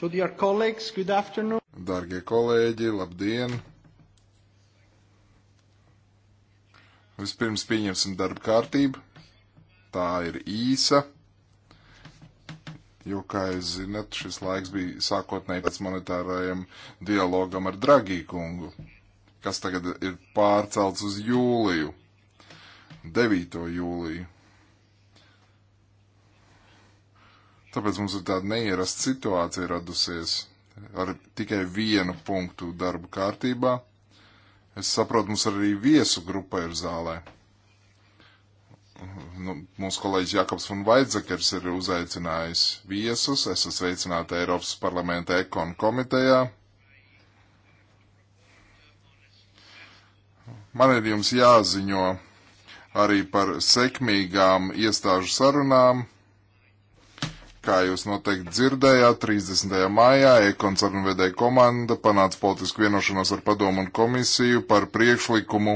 So, dear colleagues, good afternoon. Dargie kolēģi, labdien! Vispirms pieņemsim darba kārtību. Tā ir īsa, jo, kā jūs zinat, šis laiks bija sākotnēji pēc monetārajam dialogam ar Dragī kungu, kas tagad ir pārcelts uz jūliju, 9. jūliju. Tāpēc mums ir tāda neierasta situācija radusies ar tikai vienu punktu darba kārtībā. Es saprotu, mums arī viesu grupa ir zālē. Nu, mūsu kolēģis Jakobs un Vaidzakers ir uzaicinājis viesus. Es esmu sveicināta Eiropas parlamenta ekonu komitejā. Man ir jums jāziņo arī par sekmīgām iestāžu sarunām Kā jūs noteikti dzirdējāt, 30. maijā e-koncernu vedēja komanda panāca politisku vienošanos ar padomu un komisiju par priekšlikumu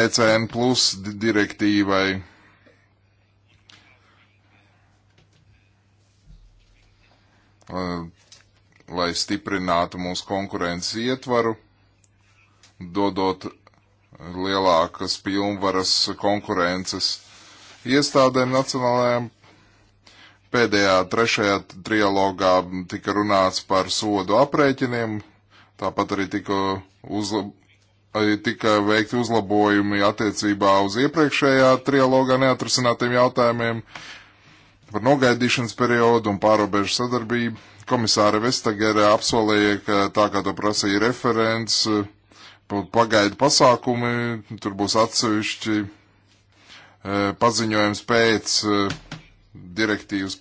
ECN plus direktīvai. Lai stiprinātu mūsu konkurences ietvaru, dodot lielākas pilnvaras konkurences iestādēm nacionālajām Pēdējā, trešajā trialogā tika runāts par sodu aprēķiniem, tāpat arī tika, uzla, tika veikti uzlabojumi attiecībā uz iepriekšējā trialogā neatrasinātiem jautājumiem par nogaidīšanas periodu un pārobežu sadarbību. Komisāra Vestagere apsolēja, ka tā kā to prasīja referents, pagaidu pasākumi, tur būs atsevišķi eh, paziņojums pēc eh, direktīvas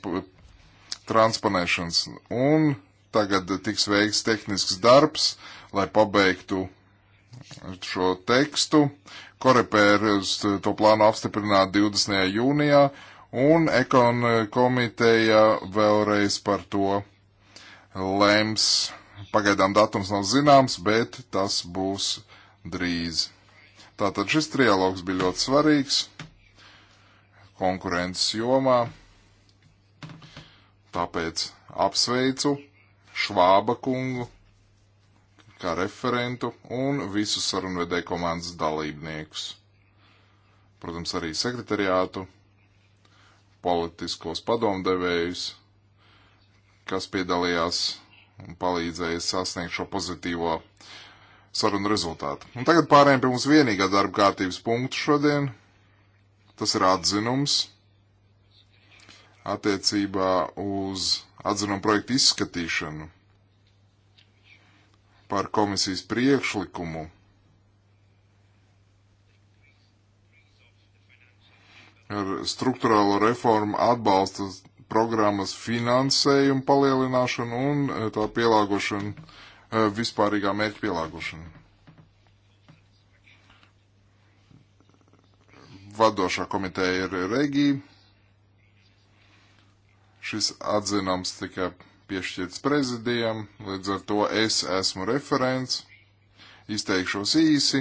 transponēšanas. Un tagad tiks veikts tehnisks darbs, lai pabeigtu šo tekstu. Korepērs to plānu apstiprināt 20. jūnijā un Ekon komiteja vēlreiz par to lems. Pagaidām datums nav zināms, bet tas būs drīz. Tātad šis trialogs bija ļoti svarīgs konkurences jomā. Tāpēc apsveicu Švāba kungu kā referentu un visus sarunvedēju komandas dalībniekus. Protams, arī sekretariātu, politiskos padomdevējus, kas piedalījās un palīdzēja sasniegt šo pozitīvo sarunu rezultātu. Un tagad pārējiem pie mums vienīgā darba kārtības punktu šodien. Tas ir atzinums attiecībā uz atzinumu projektu izskatīšanu par komisijas priekšlikumu ar struktūrālo reformu atbalsta programmas finansējumu palielināšanu un eh, tā pielāgošanu, eh, vispārīgā mērķa pielāgošanu. Vadošā komiteja ir Regija. Šis atzinums tika piešķirts prezidijam, līdz ar to es esmu referents, izteikšos īsi,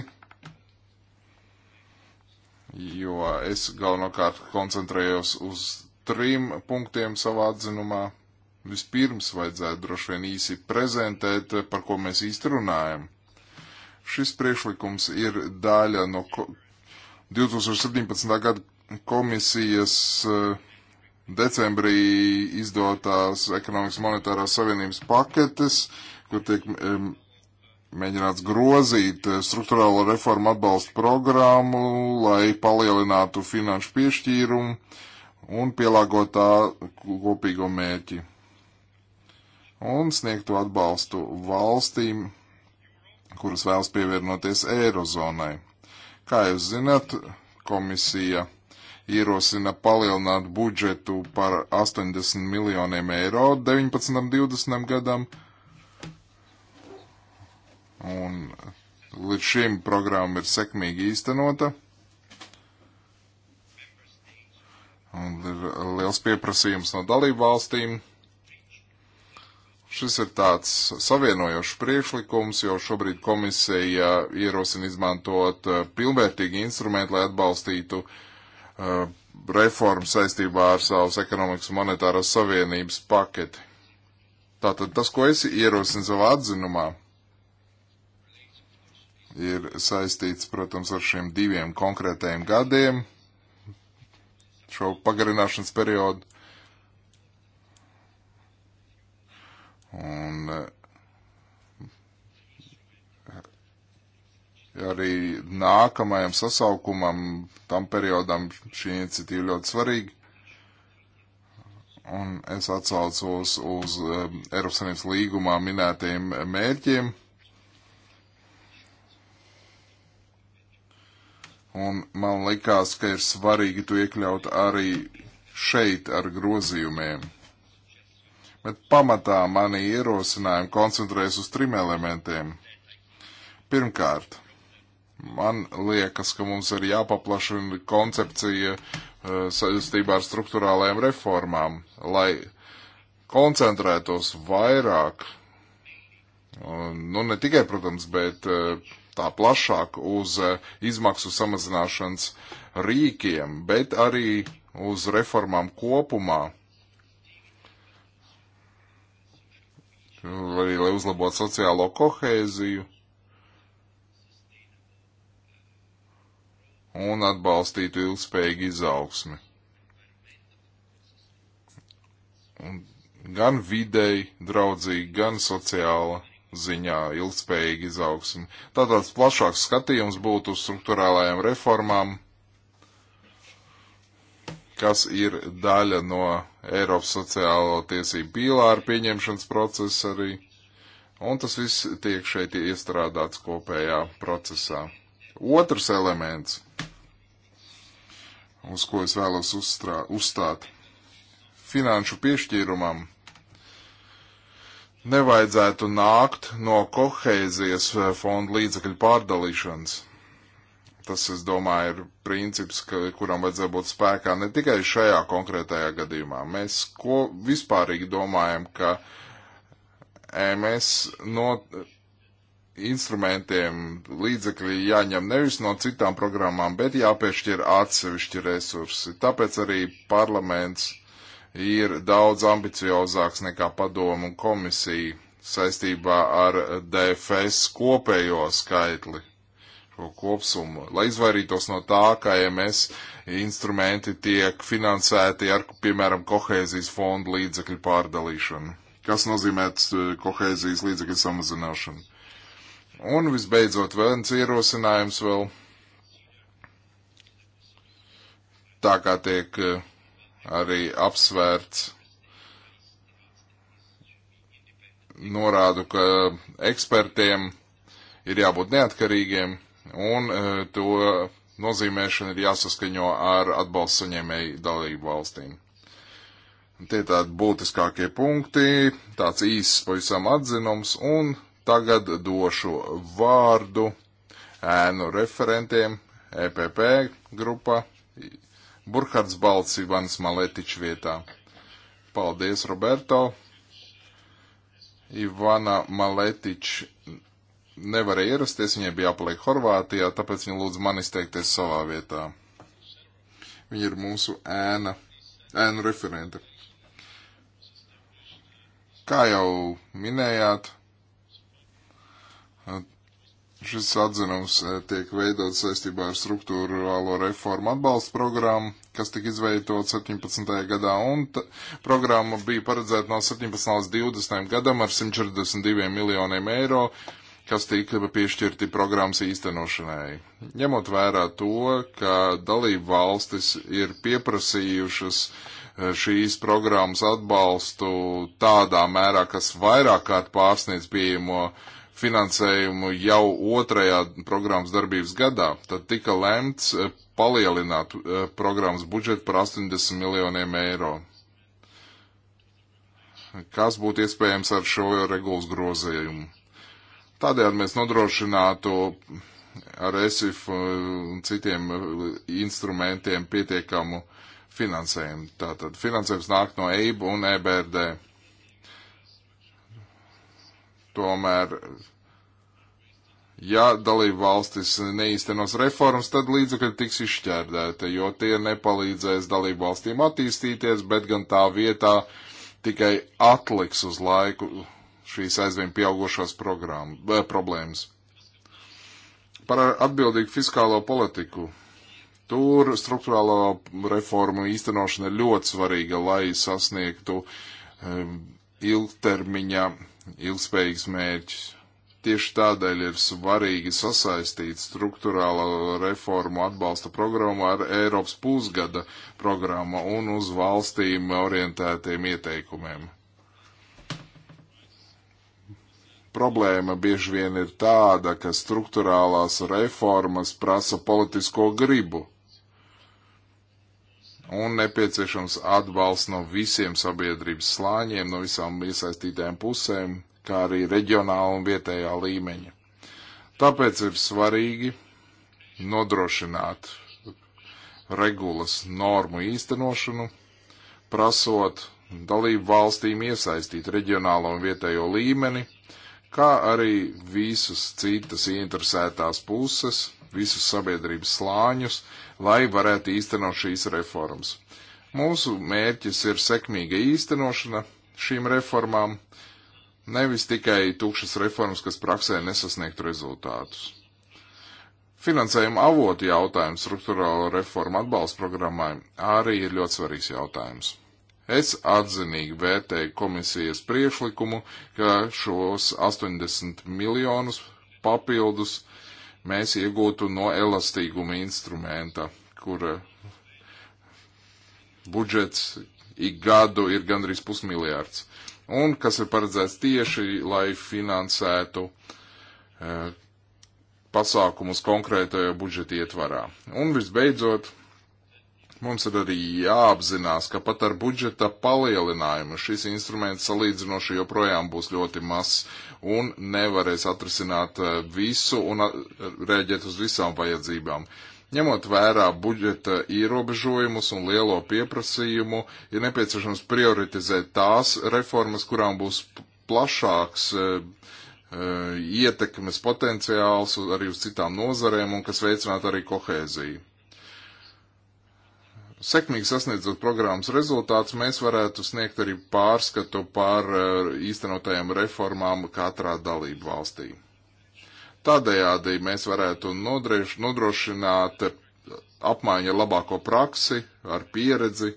jo es galvenokārt koncentrējos uz trim punktiem savā atzinumā. Vispirms vajadzētu droši vien īsi prezentēt, par ko mēs īsti runājam. Šis priekšlikums ir daļa no 2017. gada komisijas uh, decembrī izdotās ekonomikas monetārās savienības paketes, kur tiek mēģināts grozīt eh, struktūrālo reformu atbalstu programmu, lai palielinātu finanšu piešķīrumu un pielāgot tā kopīgo mērķi un sniegtu atbalstu valstīm, kuras vēlas pievienoties Eirozonai. Kā jūs zināt, komisija ierosina palielināt budžetu par 80 miljoniem eiro 19. un 20. gadam. Un līdz šim programma ir sekmīgi īstenota. Un ir liels pieprasījums no dalību valstīm. Šis ir tāds savienojošs priekšlikums, jo šobrīd komisija ierosina izmantot pilnvērtīgi instrumenti, lai atbalstītu uh, Uh, reformu saistībā ar savas ekonomikas monetāras savienības paketi. Tātad tas, ko es ierosinu savā atzinumā, ir saistīts, protams, ar šiem diviem konkrētajiem gadiem, šo pagarināšanas periodu. Un uh, arī nākamajam sasaukumam, tam periodam šī iniciatīva ļoti svarīga. Un es atsaucos uz um, Eiropas Savienības līgumā minētajiem mērķiem. Un man likās, ka ir svarīgi to iekļaut arī šeit ar grozījumiem. Bet pamatā mani ierosinājumi koncentrējas uz trim elementiem. Pirmkārt, Man liekas, ka mums ir jāpaplašina koncepcija eh, saistībā ar struktūrālajām reformām, lai koncentrētos vairāk, nu ne tikai, protams, bet eh, tā plašāk uz eh, izmaksu samazināšanas rīkiem, bet arī uz reformām kopumā, lai, lai uzlabotu sociālo kohēziju un atbalstītu ilgspējīgu izaugsmi. Un gan videi draudzīgi, gan sociāla ziņā ilgspējīgi izaugsmi. Tātad plašāks skatījums būtu uz struktūrālajām reformām, kas ir daļa no Eiropas sociālo tiesību pīlāra pieņemšanas procesa arī. Un tas viss tiek šeit iestrādāts kopējā procesā. Otrs elements uz ko es vēlos uzstrā, uzstāt. Finanšu piešķīrumam nevajadzētu nākt no kohēzijas eh, fonda līdzekļu pārdalīšanas. Tas, es domāju, ir princips, ka, kuram vajadzētu būt spēkā ne tikai šajā konkrētajā gadījumā. Mēs ko vispārīgi domājam, ka e MS not, instrumentiem līdzekļi jāņem nevis no citām programmām, bet jāpiešķir atsevišķi resursi. Tāpēc arī parlaments ir daudz ambiciozāks nekā padomu un komisija saistībā ar DFS kopējo skaitli, šo kopsumu, lai izvairītos no tā, ka e MS instrumenti tiek finansēti ar, piemēram, kohēzijas fondu līdzekļu pārdalīšanu, kas nozīmē eh, kohēzijas līdzekļu samazināšanu. Un visbeidzot, vēl viens ierosinājums vēl tā kā tiek eh, arī apsvērts norādu, ka ekspertiem ir jābūt neatkarīgiem un eh, to nozīmēšana ir jāsaskaņo ar atbalstu saņēmēju dalību valstīm. Tie tādi būtiskākie punkti, tāds īsts pavisam atzinums, un Tagad došu vārdu ēnu referentiem EPP grupa Burkhards Balts Ivans Maletič vietā. Paldies, Roberto! Ivana Maletič nevarēja ierasties, viņai bija jāpaliek Horvātijā, tāpēc viņa lūdz man izteikties savā vietā. Viņa ir mūsu ēna, ēnu referente. Kā jau minējāt, Šis atzinums e, tiek veidots saistībā ar struktūrālo reformu atbalsta programmu, kas tika izveidota 17. gadā, un programma bija paredzēta no 17. līdz 20. gadam ar 142 miljoniem eiro, kas tika piešķirti programmas īstenošanai. Ņemot vērā to, ka dalību valstis ir pieprasījušas e, šīs programmas atbalstu tādā mērā, kas vairāk kārt pārsniedz pieejamo uh, finansējumu jau otrajā programmas darbības gadā, tad tika lemts eh, palielināt eh, programmas budžetu par 80 miljoniem eiro. Kas būtu iespējams ar šo regulas grozījumu? Tādējādi mēs nodrošinātu ar ESIF eh, un citiem instrumentiem pietiekamu finansējumu. Tātad finansējums nāk no EIB un EBRD. Tomēr, ja dalību valstis neīstenos reformas, tad līdzekļi tiks izšķērdēti, jo tie nepalīdzēs dalību valstīm attīstīties, bet gan tā vietā tikai atliks uz laiku šīs aizvien pieaugušās eh, problēmas. Par atbildīgu fiskālo politiku. Tur struktūrālo reformu īstenošana ir ļoti svarīga, lai sasniegtu um, ilgtermiņa ilgspējīgus mērķus. Tieši tādēļ ir svarīgi sasaistīt struktūrālo reformu atbalsta programmu ar Eiropas pusgada programmu un uz valstīm orientētiem ieteikumiem. Problēma bieži vien ir tāda, ka struktūrālās reformas prasa politisko gribu un nepieciešams atbalsts no visiem sabiedrības slāņiem, no visām iesaistītajām pusēm, kā arī reģionāla un vietējā līmeņa. Tāpēc ir svarīgi nodrošināt regulas normu īstenošanu, prasot dalību valstīm iesaistīt reģionālo un vietējo līmeni, kā arī visus citas interesētās puses visus sabiedrības slāņus, lai varētu īstenot šīs reformas. Mūsu mērķis ir sekmīga īstenošana šīm reformām, nevis tikai tukšas reformas, kas praksē nesasniegtu rezultātus. Finansējuma avotu jautājums struktūrālo reformu atbalsta programmai arī ir ļoti svarīgs jautājums. Es atzinīgi vērtēju komisijas priešlikumu, ka šos 80 miljonus papildus mēs iegūtu no elastīguma instrumenta, kur eh, budžets ik gadu ir gandrīz pusmiljārds, un kas ir paredzēts tieši, lai finansētu e, pasākumus konkrētajā budžeta ietvarā. Un visbeidzot, Mums ir arī jāapzinās, ka pat ar budžeta palielinājumu šis instruments salīdzinoši joprojām būs ļoti mazs un nevarēs atrisināt eh, visu un eh, rēģēt uz visām vajadzībām. Ņemot vērā budžeta ierobežojumus un lielo pieprasījumu, ir nepieciešams prioritizēt tās reformas, kurām būs plašāks e, e, ietekmes potenciāls arī uz citām nozarēm un kas veicinātu arī kohēziju sekmīgi sasniedzot programmas rezultātus, mēs varētu sniegt arī pārskatu par eh, īstenotajām reformām katrā dalību valstī. Tādējādi mēs varētu nodrieš, nodrošināt apmaiņu ar labāko praksi, ar pieredzi,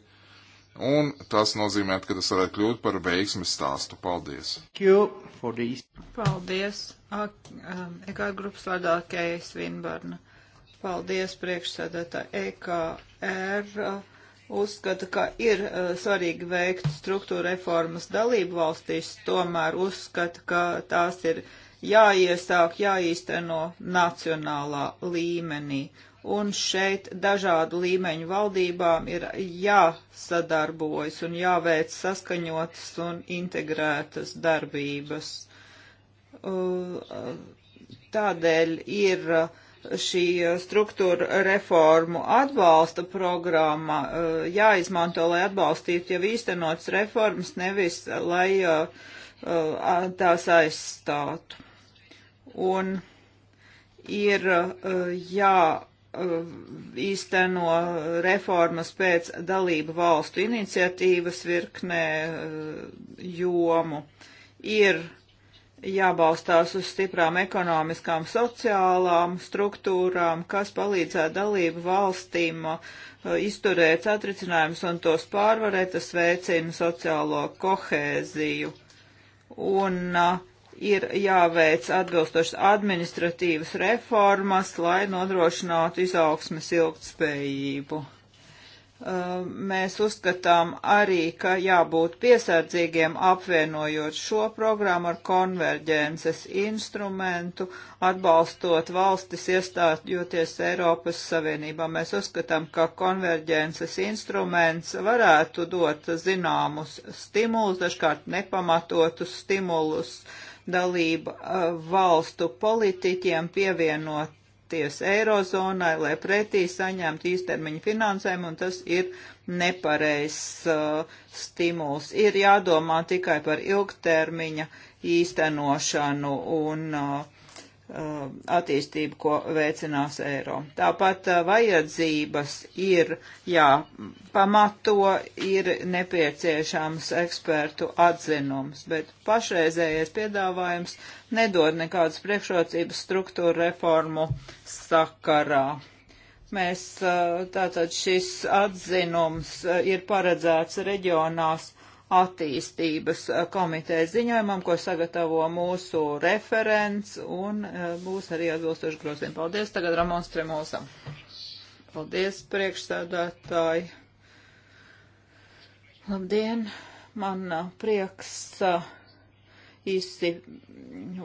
un tas nozīmē, ka tas varētu kļūt par veiksmes stāstu. Paldies! Paldies! Um, Ekā grupas vārdā Kēja Svinbarna. Paldies priekšsēdētāji EKR ECR uh, uzskata, ka ir uh, svarīgi veikt struktūra reformas dalību valstīs, tomēr uzskata, ka tās ir jāiesāk, jāīsteno nacionālā līmenī. Un šeit dažādu līmeņu valdībām ir jāsadarbojas un jāveic saskaņotas un integrētas darbības. Uh, uh tādēļ ir uh, šī eh, struktūra reformu atbalsta programma eh, jāizmanto, lai atbalstītu jau īstenots reformas, nevis lai eh, tās aizstātu. Un ir jā īsteno reformas pēc dalību valstu iniciatīvas virknē jomu. Ir uh, jābalstās uz stiprām ekonomiskām, sociālām struktūrām, kas palīdzētu dalību valstīm uh, izturēt satricinājumus un tos pārvarēt, tas veicina sociālo kohēziju. Un uh, ir jāveic atbilstošas administratīvas reformas, lai nodrošinātu izaugsmes ilgtspējību. Um, mēs uzskatām arī, ka jābūt piesardzīgiem apvienojot šo programmu ar konverģences instrumentu, atbalstot valstis iestājoties Eiropas Savienībā. Mēs uzskatām, ka konverģences instruments varētu dot zināmus stimulus, dažkārt nepamatotus stimulus dalību uh, valstu politiķiem pievienot ties Eirozonai, lai pretī saņemtu īstermiņu finansējumu, un tas ir nepareizs uh, stimuls. Ir jādomā tikai par ilgtermiņa īstenošanu un uh, Uh, attīstību, ko veicinās eiro. Tāpat uh, vajadzības ir jāpamato, ir nepieciešams ekspertu atzinums, bet pašreizējais piedāvājums nedod nekādas priekšrocības struktūra reformu sakarā. Mēs uh, tātad šis atzinums ir paredzēts reģionās attīstības eh, komitejas ziņojumam, ko sagatavo mūsu referents, un eh, būs arī atbilstoši grozījumi. Paldies tagad Ramons Tremosam. Paldies, priekšsēdētāji. Labdien, man eh, prieks īsti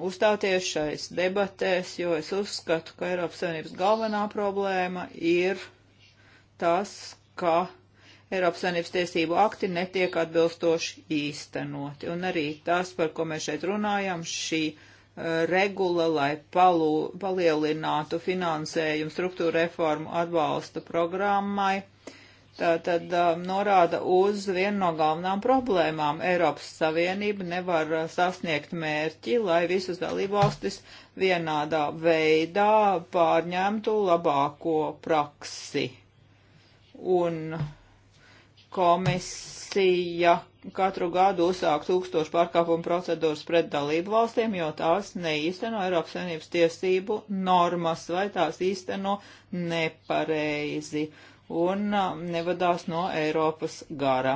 uzstāties šais debatēs, jo es uzskatu, ka Eiropas Savienības galvenā problēma ir tas, ka Eiropas Savienības tiesību akti netiek atbilstoši īstenoti. Un arī tas, par ko mēs šeit runājam, šī uh, regula, lai palu, palielinātu finansējumu struktūra reformu atbalsta programmai, tā tad uh, norāda uz vienu no galvenām problēmām. Eiropas Savienība nevar uh, sasniegt mērķi, lai visas dalībvalstis vienādā veidā pārņemtu labāko praksi. Un uh, komisija katru gadu uzsāk tūkstošu pārkāpumu procedūras pret dalību valstīm, jo tās neīsteno Eiropas Savienības tiesību normas vai tās īsteno nepareizi un nevadās no Eiropas gara.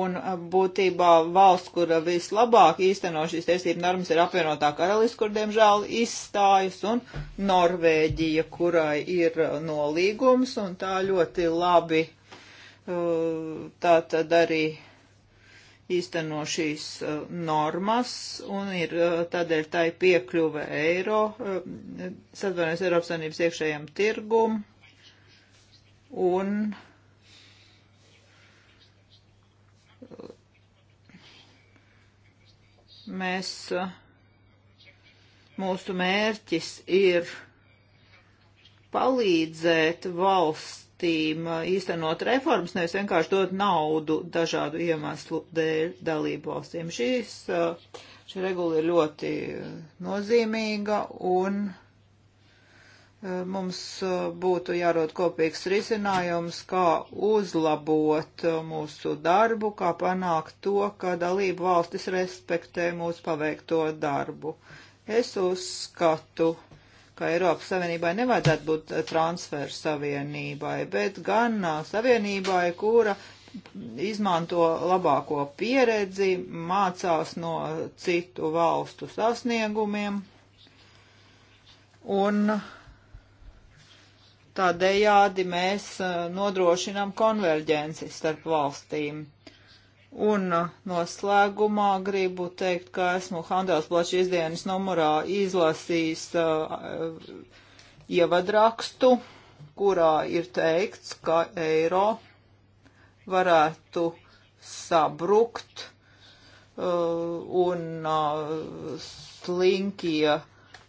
Un būtībā valsts, kura vislabāk īsteno šīs tiesību normas, ir apvienotā karalists, kur diemžēl izstājas, un Norvēģija, kurai ir nolīgums, un tā ļoti labi tā tad arī īsteno šīs uh, normas un ir uh, tādēļ tā ir piekļuve eiro, uh, sadvarnojas Eiropas Savienības iekšējiem tirgum un mēs, mūsu mērķis ir palīdzēt valsts valstīm uh, īstenot reformas, nevis vienkārši dot naudu dažādu iemeslu dēļ dalību valstīm. Šīs, uh, šī regula ir ļoti uh, nozīmīga un mums būtu jārod kopīgs risinājums, kā uzlabot mūsu darbu, kā panākt to, ka dalību valstis respektē mūsu paveikto darbu. Es uzskatu, ka Eiropas Savienībai nevajadzētu būt eh, transfer savienībai, bet gan eh, savienībai, kura izmanto labāko pieredzi, mācās no eh, citu valstu sasniegumiem un tādējādi mēs nodrošinām konverģenci starp valstīm. Un uh, noslēgumā gribu teikt, ka esmu Handelsblačs izdienas numurā izlasījis uh, uh, ievadrakstu, kurā ir teikts, ka eiro varētu sabrukt uh, un uh, slinkie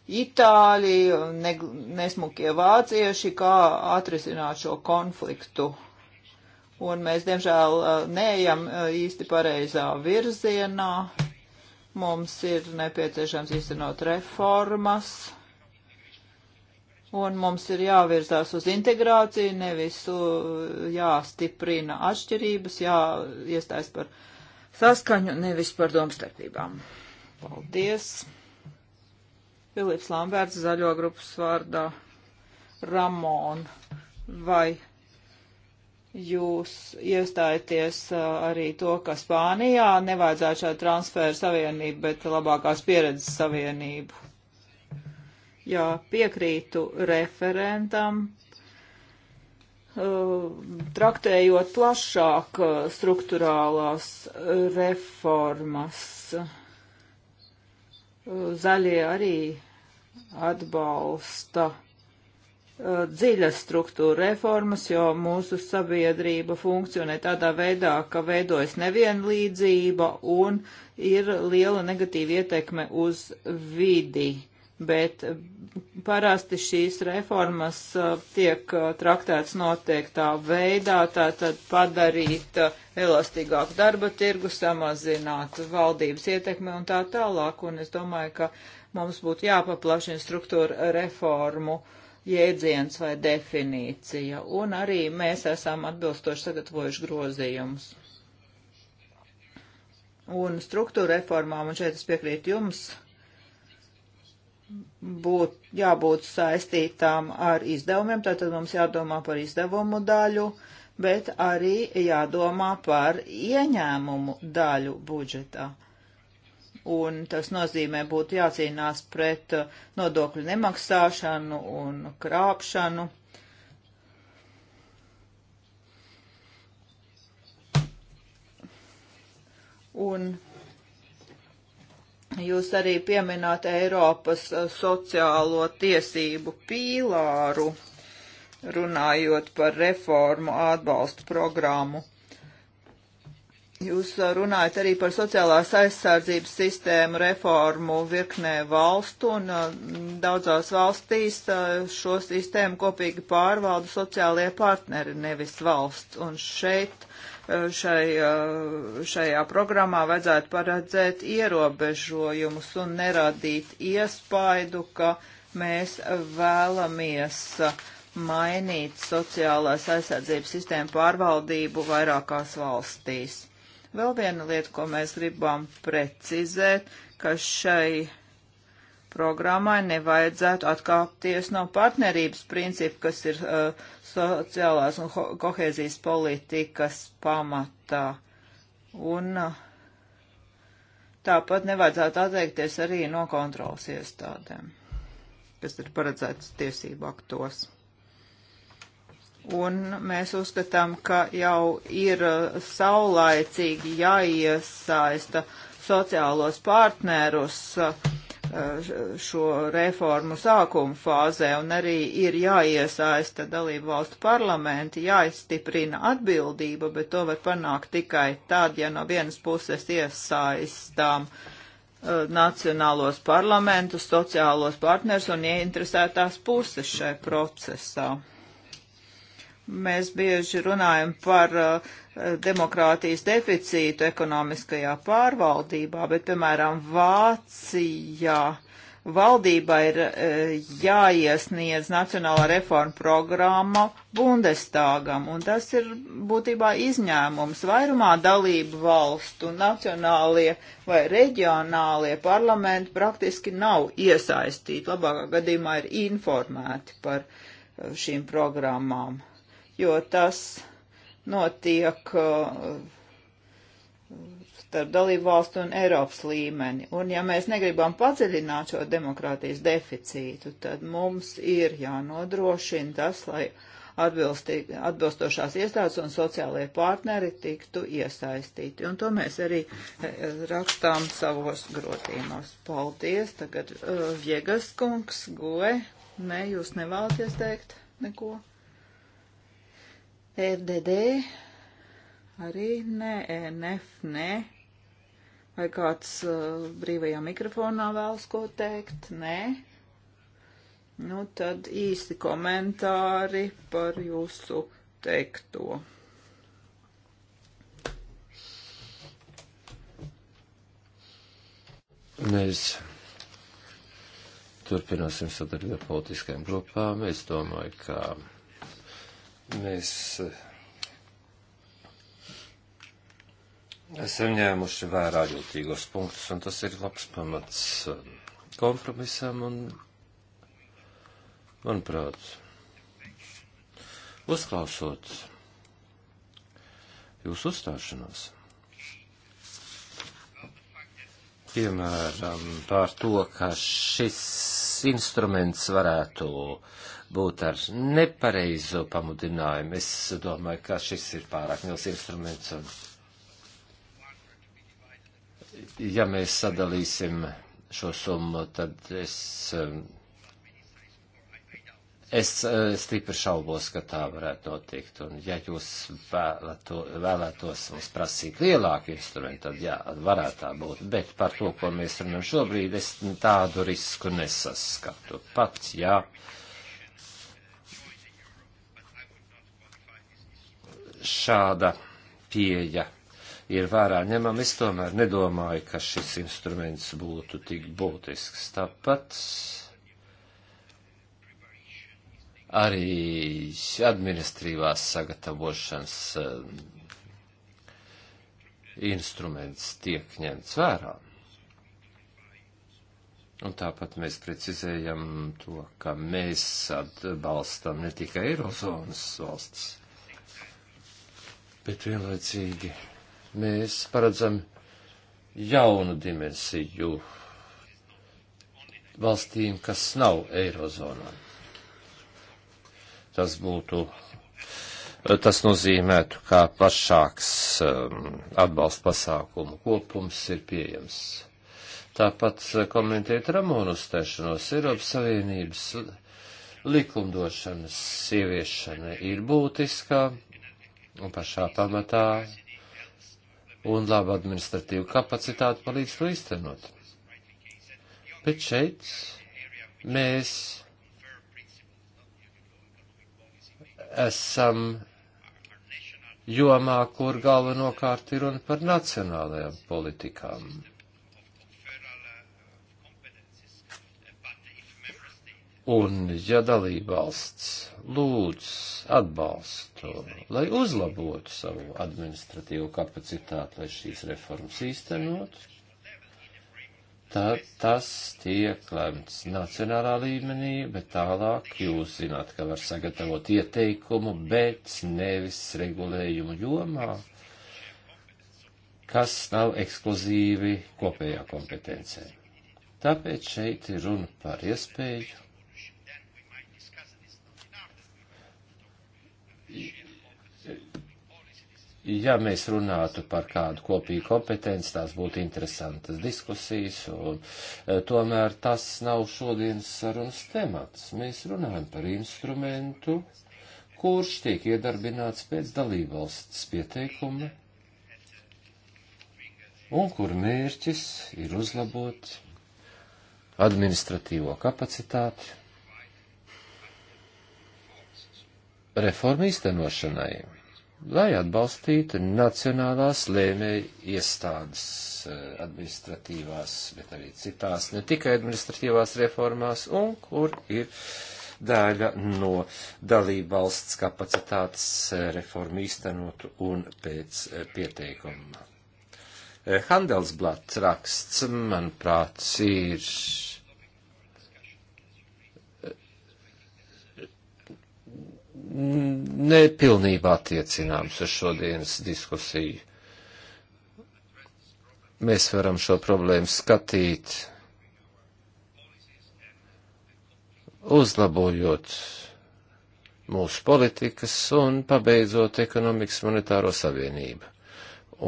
Itāļi, ne, nesmukie vācieši, kā atrisināt šo konfliktu un mēs, diemžēl, neejam īsti pareizā virzienā. Mums ir nepieciešams īstenot reformas, un mums ir jāvirzās uz integrāciju, nevis jāstiprina atšķirības, jāiestājas par saskaņu, nevis par domstarpībām. Paldies! Filips Lamberts zaļo grupas vārdā Ramon vai jūs iestājaties arī to, ka Spānijā nevajadzētu šādu transferu savienību, bet labākās pieredzes savienību. Jā, piekrītu referentam, traktējot plašāk struktūrālās reformas. Zaļie arī atbalsta Uh, dziļas struktūra reformas, jo mūsu sabiedrība funkcionē tādā veidā, ka veidojas nevienlīdzība un ir liela negatīva ietekme uz vidi. Bet parasti šīs reformas uh, tiek uh, traktētas noteiktā veidā, tātad padarīt elastīgāku darba tirgu, samazināt valdības ietekmi un tā tālāk. Un es domāju, ka mums būtu jāpaplašina struktūra reformu uh, jēdziens vai definīcija, un arī mēs esam atbilstoši sagatavojuši grozījumus. Un struktūra reformām, un šeit es piekrītu jums, būt, jābūt saistītām ar izdevumiem, tātad mums jādomā par izdevumu daļu, bet arī jādomā par ieņēmumu daļu budžetā un tas nozīmē būtu jācīnās pret uh, nodokļu nemaksāšanu un krāpšanu. Un jūs arī pieminat Eiropas uh, sociālo tiesību pīlāru, runājot par reformu atbalstu programmu. Jūs uh, runājat arī par sociālās aizsardzības sistēmu reformu virknē valstu, un uh, daudzās valstīs uh, šo sistēmu kopīgi pārvalda sociālie partneri, nevis valsts. Un šeit šai, šajā programmā vajadzētu paredzēt ierobežojumus un neradīt iespaidu, ka mēs vēlamies mainīt sociālās aizsardzības sistēmu pārvaldību vairākās valstīs Vēl viena lieta, ko mēs gribam precizēt, ka šai programmai nevajadzētu atkāpties no partnerības principa, kas ir uh, sociālās un kohēzijas politikas pamatā. Un uh, tāpat nevajadzētu atteikties arī no kontrolas iestādēm, kas ir paredzētas tiesību aktos. Un mēs uzskatām, ka jau ir uh, saulaicīgi jāiesaista sociālos partnerus uh, šo reformu sākuma fāzē, un arī ir jāiesaista dalību valstu parlamenti, jāizstiprina atbildība, bet to var panākt tikai tad, ja no vienas puses iesaistām uh, nacionālos parlamentus, sociālos partners un ieinteresētās puses šai procesā. Mēs bieži runājam par uh, demokrātijas deficītu ekonomiskajā pārvaldībā, bet, piemēram, Vācijā valdība ir uh, jāiesniedz Nacionālā reforma programma Bundestāgam, un tas ir būtībā izņēmums. Vairumā dalību valstu nacionālie vai reģionālie parlamenti praktiski nav iesaistīti, labākā gadījumā ir informēti par eh, šīm programmām jo tas notiek uh, starp dalību valstu un Eiropas līmeni. Un ja mēs negribam padziļināt šo demokrātijas deficītu, tad mums ir jānodrošina tas, lai atbilstošās iestādes un sociālajie partneri tiktu iesaistīti. Un to mēs arī eh, rakstām savos grotījumos. Paldies. Tagad uh, Viegas kungs, goe. Nē, ne, jūs nevēlaties teikt neko. FDD arī nē, e NF nē. Vai kāds uh, brīvajā mikrofonā vēlas ko teikt? Nē. Nu tad īsti komentāri par jūsu teikto. Mēs turpināsim sadarbību ar politiskajām grupām. Es domāju, ka Mēs eh, esam ņēmuši vērā jūtīgos punktus, un tas ir labs pamats eh, kompromisam, un, manuprāt, uzklausot jūsu uzstāšanos, piemēram, par to, ka šis instruments varētu būt ar nepareizo pamudinājumu. Es domāju, ka šis ir pārāk liels instruments. Un ja mēs sadalīsim šo summu, tad es um, Eh, es stipri šaubos, ka tā varētu notikt, un ja jūs vēlēto, vēlētos mums prasīt lielāku instrumentu, tad jā, varētu tā būt, bet par to, ko mēs runājam šobrīd, es tādu risku nesaskatu. Pats, jā. Šāda pieeja ir vērā ņemama. Es tomēr nedomāju, ka šis instruments būtu tik būtisks. Tāpat arī administrīvās sagatavošanas eh, instruments tiek ņemts vērā. Un tāpat mēs precizējam to, ka mēs atbalstam ne tikai Eirozonas valsts, bet vienlaicīgi mēs paredzam jaunu dimensiju valstīm, kas nav Eirozonām. Tas būtu, tas nozīmētu, kā plašāks um, atbalsta pasākumu kopums ir pieejams. Tāpat komentēt Ramonu uzstāšanos Eiropas Savienības likumdošanas ieviešana ir būtiskā un pašā pamatā, un laba administratīva kapacitāte palīdz to iztenot. Bet šeit mēs esam jomā, kur galvenokārt ir runa par nacionālajām politikām. Un, ja dalībvalsts lūdz atbalstu, lai uzlabotu savu administratīvo kapacitāti, lai šīs reformas īstenotu, tad tas tiek lemts nacionālā līmenī, bet tālāk jūs zināt, ka var sagatavot ieteikumu, bet nevis regulējumu jomā, kas nav ekskluzīvi kopējā kompetencē. Tāpēc šeit ir runa par iespēju ja mēs runātu par kādu kopīgu kompetenci, tās būtu interesantas diskusijas, un e, tomēr tas nav šodienas sarunas temats. Mēs runājam par instrumentu, kurš tiek iedarbināts pēc dalībvalsts pieteikuma, un kur mērķis ir uzlabot administratīvo kapacitāti reformu īstenošanai lai atbalstītu nacionālās lēmēju iestādes eh, administratīvās, bet arī citās, ne tikai administratīvās reformās, un kur ir daļa no dalība valsts kapacitātes eh, reformu īstenotu un pēc eh, pieteikuma. Handelsblatt raksts, manuprāt, ir nepilnībā attiecināms uz šodienas diskusiju. Mēs varam šo problēmu skatīt, uzlabojot mūsu politikas un pabeidzot ekonomikas monetāro savienību.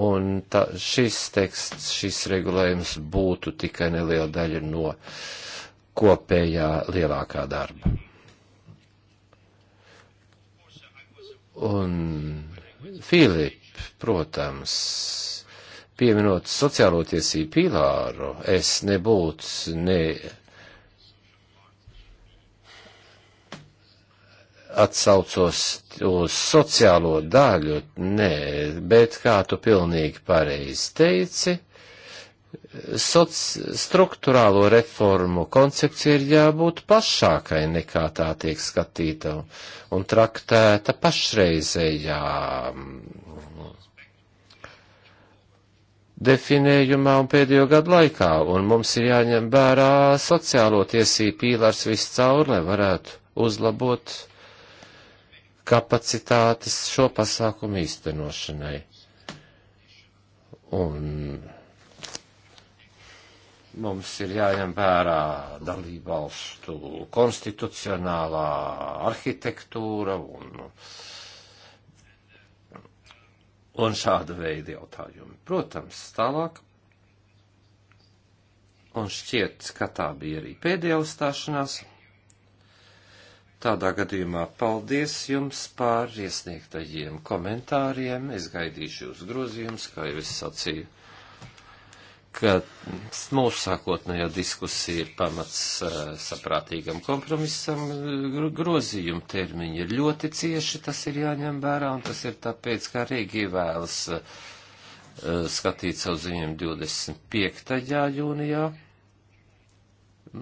Un tā, šis teksts, šis regulējums būtu tikai neliela daļa no kopējā lielākā darba. Un Filip, protams, pieminot sociālo tiesību pīlāru, es nebūtu ne atsaucos uz sociālo daļu, nē, bet kā tu pilnīgi pareizi teici, uh, soc struktūrālo reformu koncepcija ir jābūt plašākai nekā tā tiek skatīta un traktēta pašreizējā mm, definējumā un pēdējo gadu laikā, un mums ir jāņem vērā sociālo tiesību pīlārs viscaur, lai varētu uzlabot kapacitātes šo pasākumu īstenošanai. Un mums ir jāņem vērā dalībvalstu konstitucionālā arhitektūra un, un šāda veida jautājumi. Protams, tālāk. Un šķiet, ka tā bija arī pēdējā uzstāšanās. Tādā gadījumā paldies jums par iesniegtajiem komentāriem. Es gaidīšu jūs grozījumus, kā jau es sacīju ka mūsu sākotnējā diskusija ir pamats eh, saprātīgam kompromisam, grozījuma termiņi ir ļoti cieši, tas ir jāņem vērā, un tas ir tāpēc, ka Rīgi vēlas eh, skatīt savu ziņojumu 25. jūnijā.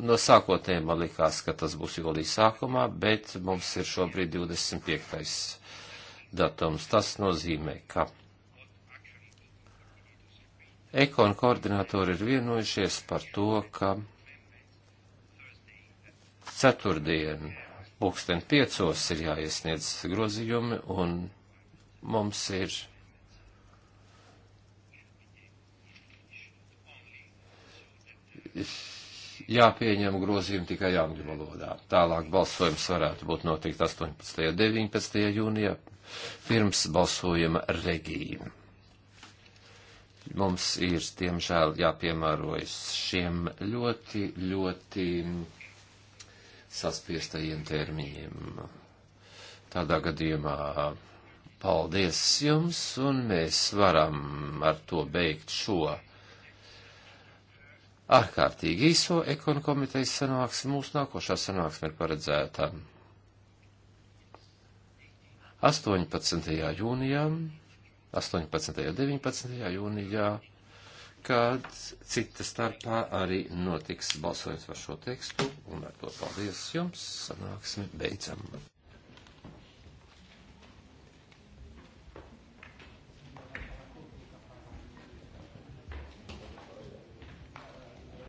No sākotnēji man likās, ka tas būs jūlijas sākumā, bet mums ir šobrīd 25. datums. Tas nozīmē, ka Ekon koordinatori ir vienojušies par to, ka ceturtdien pulksten piecos ir jāiesniedz grozījumi un mums ir jāpieņem grozījumi tikai angļu valodā. Tālāk balsojums varētu būt notikt 18. un 19. jūnijā pirms balsojuma regīna. Mums ir, diemžēl, jāpiemērojas šiem ļoti, ļoti saspiestajiem termiņiem. Tādā gadījumā paldies jums, un mēs varam ar to beigt šo ārkārtīgi īso ekonu komitejas sanāksmi. Mūsu nākošā sanāksme ir paredzēta 18. jūnijā. 18. un 19. jūnijā, kad cita starpā arī notiks balsojums par šo tekstu, un ar to paldies jums, sanāksmi beidzam.